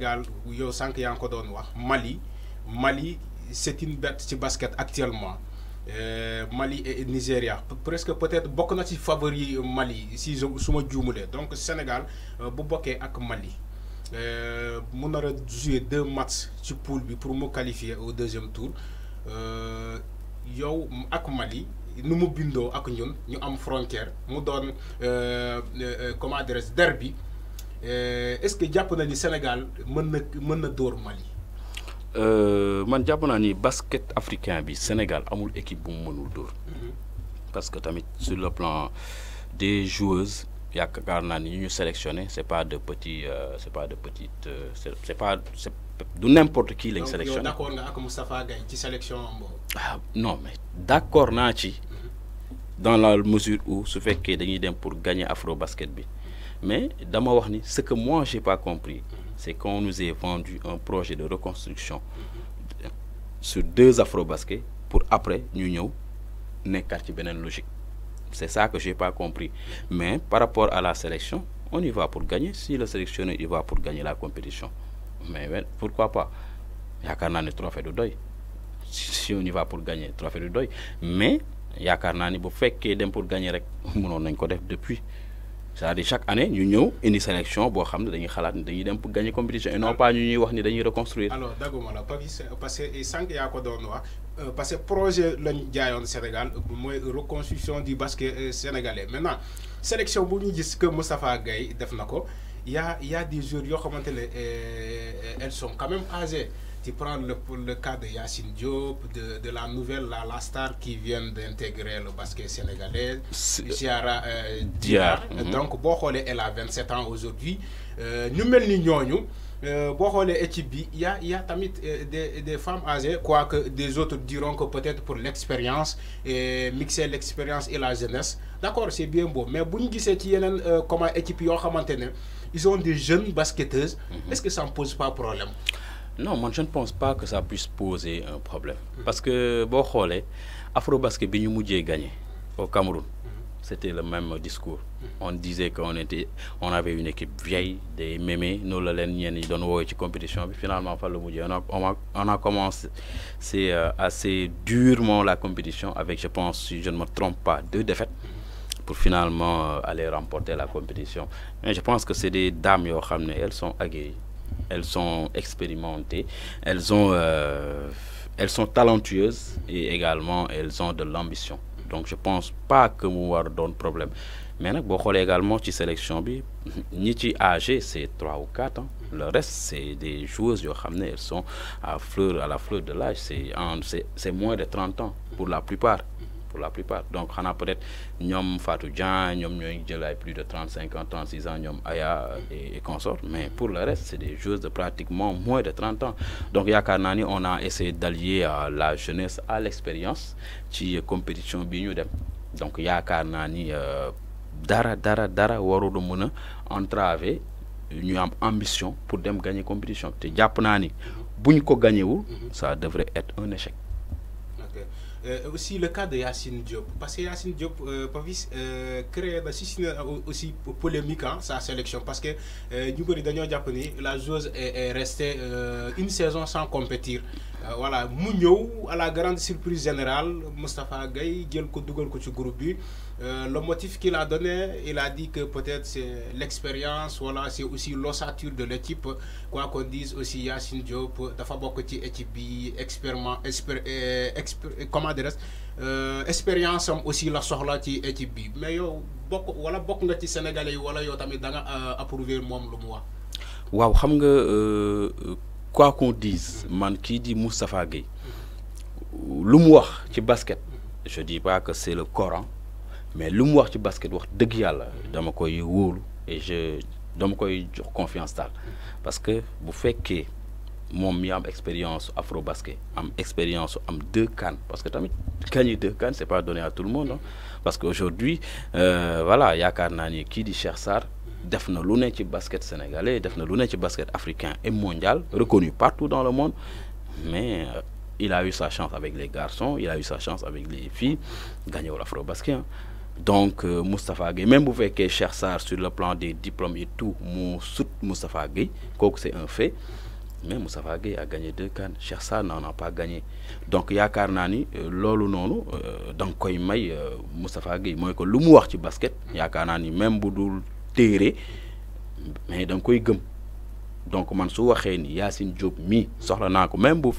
Sénégal yow Mali Mali c'est une bête ci basket actuellement euh, Mali et Nigeria, presque peut-être beaucoup de favoris favori Mali si je du juumulee donc Sénégal euh, bu bokkee Mali euh, Nous avons a jouer deux matchs ci poule pour me qualifier au deuxième tour yow ak Mali nous nous bindoo nous ñun ñu am frontière mu euh, comment comme derby euh, est-ce que jàpp na ni Sénégal mën na mën Mali. Euh, man jàpp naa ni basket africain bi Sénégal amul équipe bu mu d'or mhm. parce que tamit sur le plan des joueuses yaakaar naa ni ñu ñu sélectionné c'est pas de petit euh, c'est pas de petite c'est pas c'est de n'importe qui les sélectionne. d'accord nga ak Moustapha Gaye ci sélection ah non mais d'accord naa ci. Mhm. dans la mesure où ce fait que dañuy dem pour gagner afro basket bi. Mais Warni, ce que moi, je n'ai pas compris, c'est qu'on nous ait vendu un projet de reconstruction sur deux afro-baskets pour après, nous quartier une logique. C'est ça que je n'ai pas compris. Mais par rapport à la sélection, on y va pour gagner. Si le sélectionneur il va pour gagner la compétition, mais pourquoi pas Il y a trophée de deuil. Si on y va pour gagner, trophée de deuil. Mais il y a un pour gagner, on depuis c'est-à-dire chaque année ñu ñëw une sélection pour xam ne dañuy xalaat ni dañuy dem pour gagner compétition et non pas nous, ñuy wax ni dañuy reconstruire. alors d'accord, la parce que sànq yaa ko doon wax euh, parce que projet lañ jaayoon Sénégal mooy reconstruction du basket euh, sénégalais maintenant sélection bu ñu gis que Moustapha Gaye def na il y a, il y a des joueurs, euh, euh, elles sont quand même âgées. Tu prends le, cas de Yacine Diop, de, de la nouvelle, la, star qui vient d'intégrer le basket sénégalais, Chiara euh, Diar. Mhm. Donc, bon, elle a 27 ans aujourd'hui. Euh, nous, nous, nous, euh, Il y' a y' a euh, des des femmes âgées quoique des autres diront que peut-être pour l'expérience, mixer l'expérience et la jeunesse D'accord, c'est bien beau mais on euh, équipe ils ont des jeunes basketteuses. Mhm. est ce que ça ne pose pas problème. non je ne pense pas que ça puisse poser un problème. Mhm. parce que bon afro basket bi ñu gagné au Cameroun c'était le même discours. On disait qu'on était, on avait une équipe vieille, des mémés, nous le lenniens, compétition. finalement, on a, on on a commencé euh, assez durement la compétition avec, je pense, si je ne me trompe pas, deux défaites pour finalement euh, aller remporter la compétition. Mais je pense que c'est des dames, elles sont aguerries, elles sont expérimentées, elles ont, euh, elles sont talentueuses et également elles ont de l'ambition donc je pense pas que Mouar donne problème mais si on également ci sélection bi ni ci âgé c'est 3 ou 4 ans hein. le reste c'est des joueuses qui elles sont à fleur à la fleur de l'âge c'est c'est moins de 30 ans pour la plupart pour la plupart donc on a peut-être Nyom Fatou Djan, ñoom ñooy plus de 30, 50 ans 6 ans Nyom Aya et consorts mais pour le reste c'est des choses de pratiquement moins de 30 ans donc y a on a essayé d'allier euh, la jeunesse à l'expérience est compétition bi ñu dem donc a naa euh, dara dara dara Waro mën l'ambition entraver ñu ambition pour gagner gagner compétition Si si on ni gagne mhm. ça devrait être un échec euh, aussi le cas de Yassine Diop. Parce que Yassine Diop, euh, Pavis, euh, crée euh, aussi polémique hein, sa sélection. Parce que euh, nous, les Japonais, la joueuse est, est restée euh, une saison sans compétir. Euh, voilà mu à la grande surprise générale Mustapha Gueye jël ko dugal ko ci groupe bi euh, le motif qu'il a donné il a dit que peut-être c'est l'expérience voilà c'est aussi l'ossature de l'équipe quoi qu'on dise aussi Yacine Diop dafa bokk ci équipe bi expériment expér euh, comment euh, expérience aussi la soxla ci équipe bi mais voilà bokk wala bokk nga ci sénégalais wala yow tamit da nga approuver mom lu mu wax waaw xam nga quoi qu'on dise man qui dit Moustapha Gueye lu qui basket je dis pas que c'est le Coran mais lu qui wax basket wax dëgg et je donne koy confiance parce que vous que que mon expérience afro basket am expérience am deux cannes parce que tamit gagner deux cannes c'est pas donné à tout le monde hein. parce qu'aujourd'hui, aujourd'hui euh, voilà y a ni qui dit Cheikh Sarr def na lu ne ci basket sénégalais def na lu ne ci basket africain et mondial reconnu partout dans le monde mais euh, il a eu sa chance avec les garçons il a eu sa chance avec les filles gagné afro basket hein. donc euh, Moustapha Gueye même vous voyez Cheikh Sarr sur le plan des diplômes et tout mu sut Moustapha Gueye c'est un fait mais Moustapha Gueye a gagné deux cannes, Cheikh Sarr n'en a pas gagné donc il y ni euh, loolu noonu da koy may Moustapha Gueye moy que lu mu wax ci basket yaakaar ni même boudoul téere mais dang koy gëm donc man su waxé ni yassine Diop mi soxla nako même bu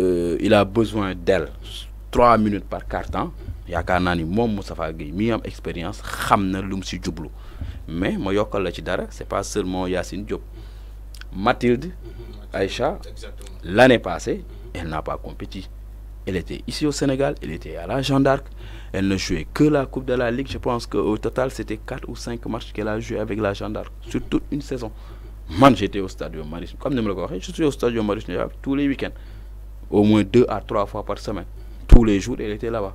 euh, il a besoin d'elle trois minutes par carton yaakaar naa ni mom Moustapha Gueye mi am expérience xamna na lu mu si jublu mais ma yokal la ci dara c'est pas seulement Yacine Diop Mathilde mhm. Aïcha l'année passée elle n'a pas compéti elle était ici au Sénégal, elle était à la Jeanne d'Arc. Elle ne jouait que la Coupe de la Ligue. Je pense qu'au total, c'était 4 ou 5 matchs qu'elle a joué avec la Jeanne d'Arc sur toute une saison. Moi, j'étais au stade Maris. Comme je me le je suis au stade Maris tous les week-ends. Au moins 2 à 3 fois par semaine. Tous les jours, elle était là-bas.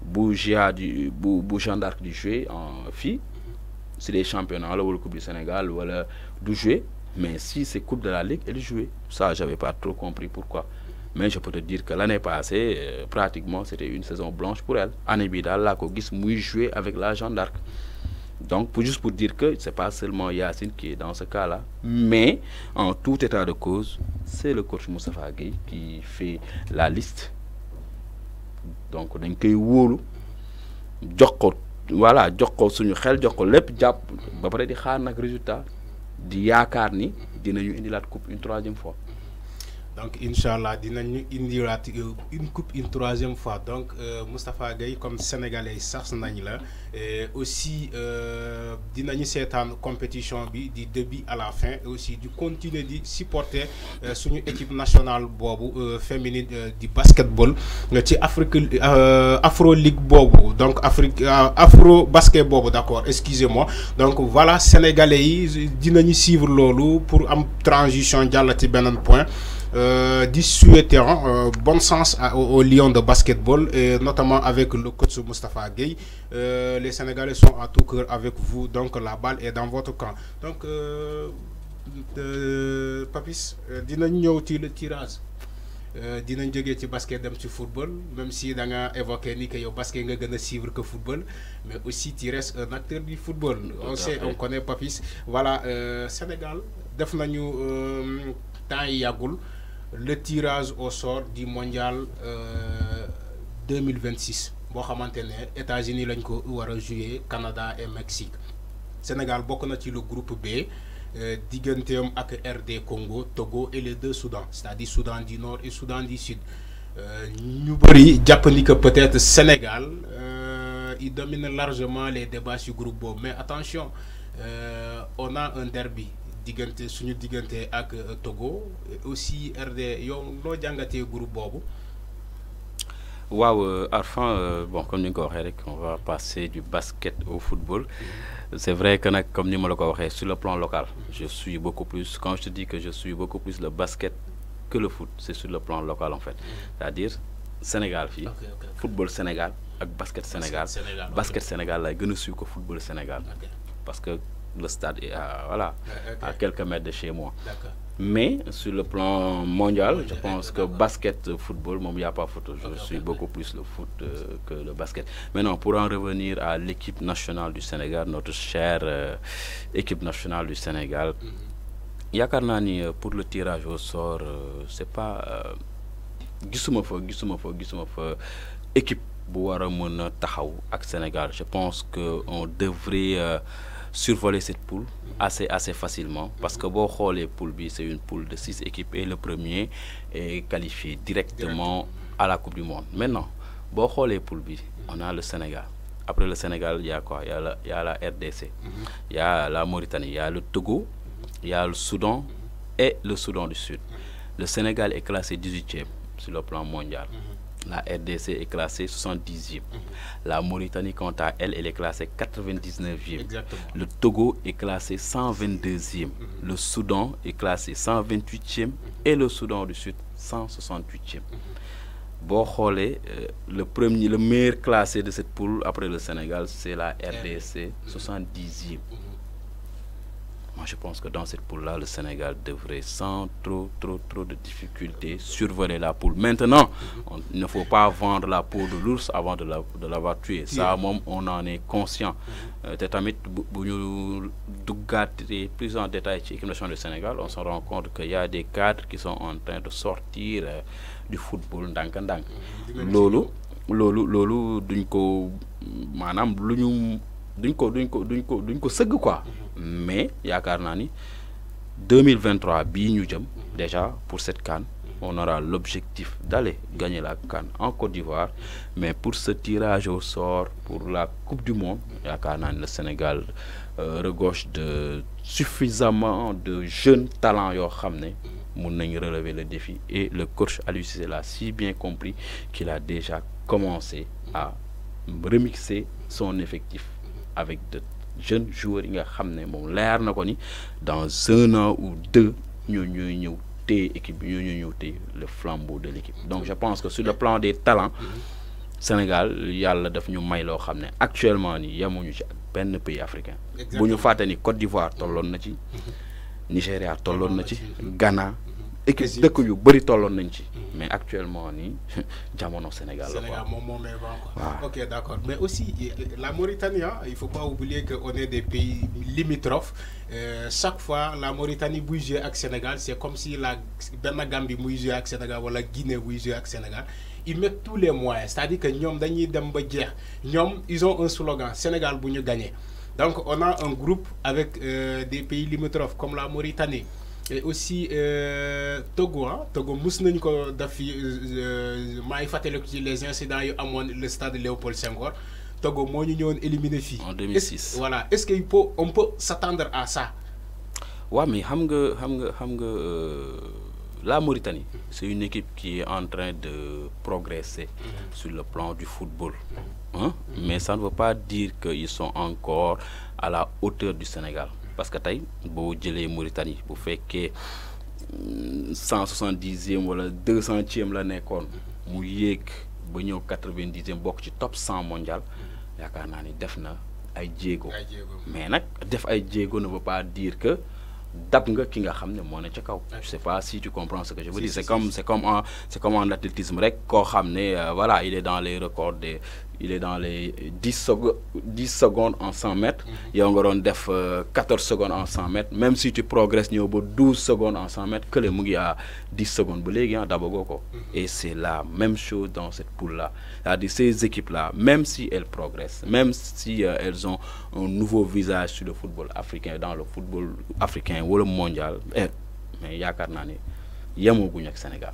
Bougia du Jeanne d'Arc du jouer en fille. C'est les championnats, la Coupe du Sénégal, ou le, du jouer. Mais si c'est Coupe de la Ligue, elle jouait. Ça, j'avais pas trop compris pourquoi mais je peux te dire que l'année passée euh, pratiquement c'était une saison blanche pour elle année bi là la ko jouer avec la Jeanne d'Arc donc juste pour dire que ce n'est pas seulement Yacine qui est dans ce cas-là mais en tout état de cause c'est le coach Moussa Gueye qui fait la liste donc dañ koy wóolu le voilà jox ko suñu xel jox ko lépp ba pare di xaar résultat di yaakaar coupe une troisième fois donc Inch'Allah, dinañu euh, une coupe une troisième fois donc euh, Moustapha Gueye comme sénégalais ça nañ Et aussi euh, dinañu une compétition de du début à la fin Et aussi du continuer de supporter suñu équipe nationale féminine du basketball ci Afrique Afro League Bobo. donc Afrique Afro basket d'accord. d'accord. excusez-moi donc voilà sénégalais yi dinañu suivre pour une transition de la point. Euh, hein, euh, bon sens au aux, Lions de basketball, et notamment avec le coach Mustafa Gueye. Euh, les Sénégalais sont à tout cœur avec vous, donc la balle est dans votre camp. Donc, euh, Papis, dinañ ci le tirage. Dinan jógee ci basket dem ci football même si da nga évoqué ni que le basket est gën suivre que football mais aussi tu restes un acteur du football. on sait on connaît Papis voilà Sénégal def nañu temps yagoul le tirage au sort du mondial 2026. Mohamed vingt États-Unis lañ ko Canada et Mexique Sénégal beaucoup le groupe B euh, digganteem ak RD Congo Togo et les deux Soudans c'est-à-dire Soudan du Nord et Soudan du Sud nous euh, Japonique que peut-être Sénégal euh, il domine largement les débats sur groupe B. mais attention on a un derby. Digante, suñu Digante, ak euh, Togo aussi RD yo lo jàngatee groupe bobu waaw euh, Arfan euh, bon comme nous l'avons dit, on va passer du basket au football mm-hmm. c'est vrai que comme nous, ma la sur le plan local je suis beaucoup plus quand je te dis que je suis beaucoup plus le basket que le foot c'est sur le plan local en fait mm-hmm. c'est-à-dire Sénégal football Sénégal ak basket Sénégal basket Sénégal je ne suis que football Sénégal parce que le stade est à, voilà, à quelques mètres de chez moi. Mais sur le plan mondial, je pense que basket, euh, football, il n'y a pas photo. Je suis beaucoup plus le foot euh, que le basket. Maintenant, pour en revenir à l'équipe nationale du Sénégal, notre chère euh, équipe nationale du Sénégal, mm pour le tirage au sort, c'est pas. équipe bu équipe taxaw Sénégal je pense que on devrait survoler cette poule assez, assez facilement parce que bon, les poules, c'est une poule de 6 équipes et le premier est qualifié directement à la Coupe du Monde. Maintenant, bon, les poules, on a le Sénégal. Après le Sénégal, il y a quoi y la, RDC, mhm. il y a la Mauritanie, il y a le Togo, il y a le Soudan et le Soudan du Sud. Le Sénégal est classé 18e sur le plan mondial. Mhm. La RDC est classée 70e. Mhm. La Mauritanie, quant à elle, elle est classée 99e. Le Togo est classé 122e. Mhm. Le Soudan est classé 128e. Mhm. Et le Soudan du Sud, 168e. Euh, le, premier, le meilleur classé de cette poule après le Sénégal, c'est la RDC, 70e. Moi, je pense que dans cette poule-là, le Sénégal devrait, sans trop, trop, trop de difficultés, survoler la poule. Maintenant, il ne faut pas vendre la peau de l'ours avant de l'avoir la, tué. Ça, on en est conscient. Mm-hmm. Euh, tamit plus en détail les du Sénégal on se rend compte qu'il y a des cadres qui sont en train de sortir euh, du football Lolo, Lolo, Lolo, Lolo, Lolo, duñ duñ ko duñ ko duñ quoi mais yaakaar 2023 déjà pour cette canne, on aura l'objectif d'aller gagner la canne en Côte d'Ivoire mais pour ce tirage au sort pour la Coupe du Monde le Sénégal euh, regorge de suffisamment de jeunes talents yoo xam relever le défi et le coach Aliou Cissé l'a si bien compris qu'il a déjà commencé à remixer son effectif avec de jeunes joueurs qui ont l'air mom moom ni dans un an ou deux ñoo ñooy ñew équipe le flambeau de l'équipe donc je pense que sur le plan des talents Sénégal yalla daf ñu may lo xamné actuellement ni y ci beaucoup de pays africain bu ñu ni Côte d'Ivoire tolloon mhm. Nigeria ci Ghana et que vous que vous tolloon mm-hmm. mais actuellement ni jamono Sénégal Sénégal mon mon quoi. ok d'accord, mais aussi la Mauritanie hein, il faut pas oublier qu'on est des pays limitrophes euh, chaque fois la Mauritanie bougeait avec Sénégal c'est comme si la Benagambi Gambie bougeait avec Sénégal wala Guinée bougeait avec Sénégal ils mettent tous les moyens c'est à dire que nous avons dem ba ils ont un slogan Sénégal vous gagnez donc on a un groupe avec euh, des pays limitrophes comme la Mauritanie et aussi euh, Togo hein. Togo musnagn ko euh, euh, les incidents yu le stade Léopold Senghor Togo mo ñu ñewon éliminer fi en 2006 voilà est-ce qu'on peut on peut s'attendre à ça. Oui, mais xam nga la Mauritanie. Mm-hmm. c'est une équipe qui est en train de progresser. Mm-hmm. sur le plan du football. Mm-hmm. Hein. mais ça ne veut pas dire qu'ils sont encore à la hauteur du Sénégal parce que Taï, bo jëlee Mauritanie bu fekkee 170e mm, e wala 200e la nékkone mu yéeg ba ñëw 90 ci top 100 mondial yaakaar ni def na ay djégo mais nak def ay ne veut pas dire que dab nga ki nga xamné ne ne sais pas si tu comprends ce que je veux dire c'est comme c'est comme c'est comme en athlétisme rek euh, voilà il est dans les records des il est dans les 10 secondes, 10 secondes en 100 mètres. Il y a encore 14 secondes en 100 mètres. Même si tu progresses, il 12 secondes en 100 mètres que les Mougi à 10 secondes. Ah, mhm. Et c'est la même chose dans cette poule là ces équipes-là, même si elles progressent, même si euh, elles ont un nouveau visage sur le football africain, dans le football africain ou le mondial, eh, mais il y a Sénégal.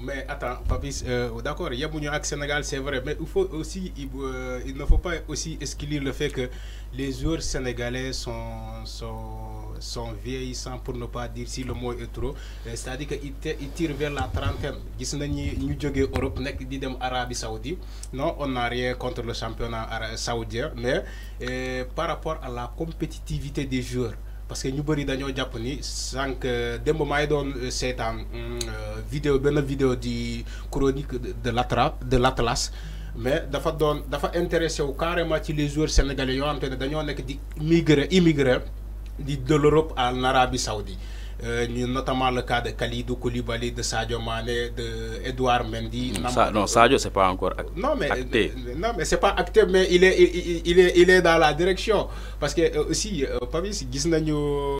Mais attends, Papis, euh, d'accord, il y a gens avec Sénégal, c'est vrai, mais il, faut aussi, euh, il, ne faut pas aussi esquiller le fait que les joueurs sénégalais sont, sont, sont vieillissants, pour ne pas dire si le mot est trop. Euh, c'est-à-dire qu'ils tirent vers la trentaine. Nous en Europe, nous Arabie Saoudite. Non, on n'a rien contre le championnat saoudien, mais par rapport à la compétitivité des joueurs, parce que ñu bëri dañoo jàpp ni sànq démb maa ngi doon euh, seetaan mm, euh, vidéo benn vidéo di chronique de l'atra de l'Atlas mais dafa doon dafa intéressé wu carrément ci les joueurs sénégalais yoo xam te ne dañoo nekk di migré immigré di de l'Europe en Arabie Saoudite Euh, notamment le cas de Khalidou Koulibaly, de Sadio Mane, de Mendy. non, Sadio, c'est pas encore acté. Euh, non, mais, c'est pas acté, mais il est, il, est, il est dans la direction. Parce que euh, aussi, Pavis, Gisnagno.